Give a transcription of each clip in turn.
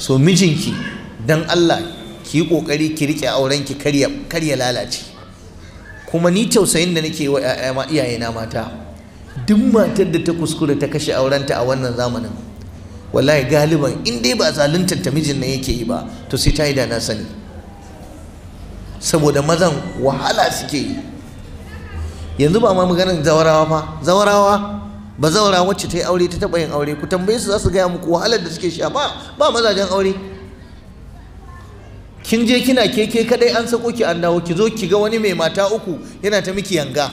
so mijinki dan Allah ki yi kokari ki rike auren ki kar ya lalace kuma ni tausayin da nake wa iyaye ma iyayena mata duk matar da ta kuskure ta kashe aurenta a wannan zamanin wallahi galiban in dai ba zaluntar ta mijin nan yake yi ba to sai ta yi da na sani saboda mazan wahala suke yi yanzu ba ma maganar zawarawa fa zawarawa ba zaura wacce ta yi aure ta taɓa yin aure ku tambaye su za su gaya muku wahalar da suke sha ba ba mazajen aure kin je kina keke kadai an sako ki an dawo ki zo ki ga wani mai mata uku yana ta miki yanga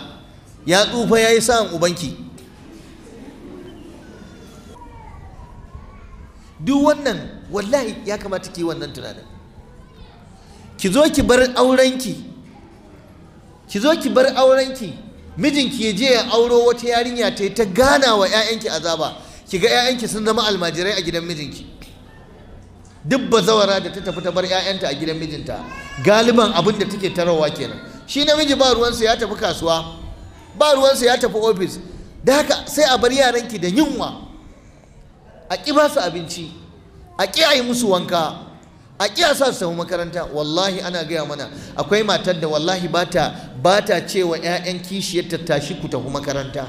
ya tsufa ya yi sa'an ubanki duk wannan wallahi ya kamata ki yi wannan tunanin ki zo ki bar aurenki ki zo ki bar aurenki mijinki ya je ya auro wata yarinya ta yi ta gana wa 'ya'yanki azaba ki ga 'ya'yanki sun zama almajirai a gidan mijinki duk bazawara da ta tafi ta bar 'ya'yanta a gidan mijinta galiban abin da take tarawa kenan shi namiji ba ruwansa ya tafi kasuwa ba ruwansa ya tafi ofis da haka sai a bar yaranki da yunwa a ƙi ba su abinci a ƙi a yi musu wanka a kiyasa su samu makaranta wallahi ana gaya mana akwai matar da wallahi bata bata cewa ƴaƴan kishiyar ta tashi ku tafi makaranta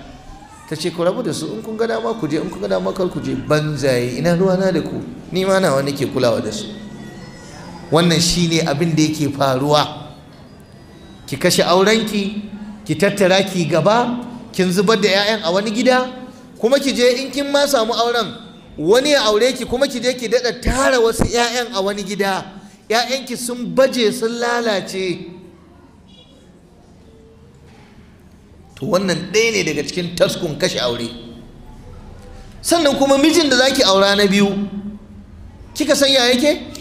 ta ce ku rabu da su in kun ga dama ku je in kun ga dama kar ku je banzaye ina na da ku ni ma nawa nake kulawa da su wannan shine abin da yake faruwa ki kashe aurenki ki tattara ki gaba kin zubar da 'ya'yan a wani gida kuma ki je in kin ma samu auren wani ya aure ki kuma ki je ki daɗa tara wasu 'ya'yan a wani gida 'ya'yanki sun baje sun lalace to wannan ɗaya ne daga cikin taskun kashe aure sannan kuma mijin da zaki aura na biyu kika san ya yake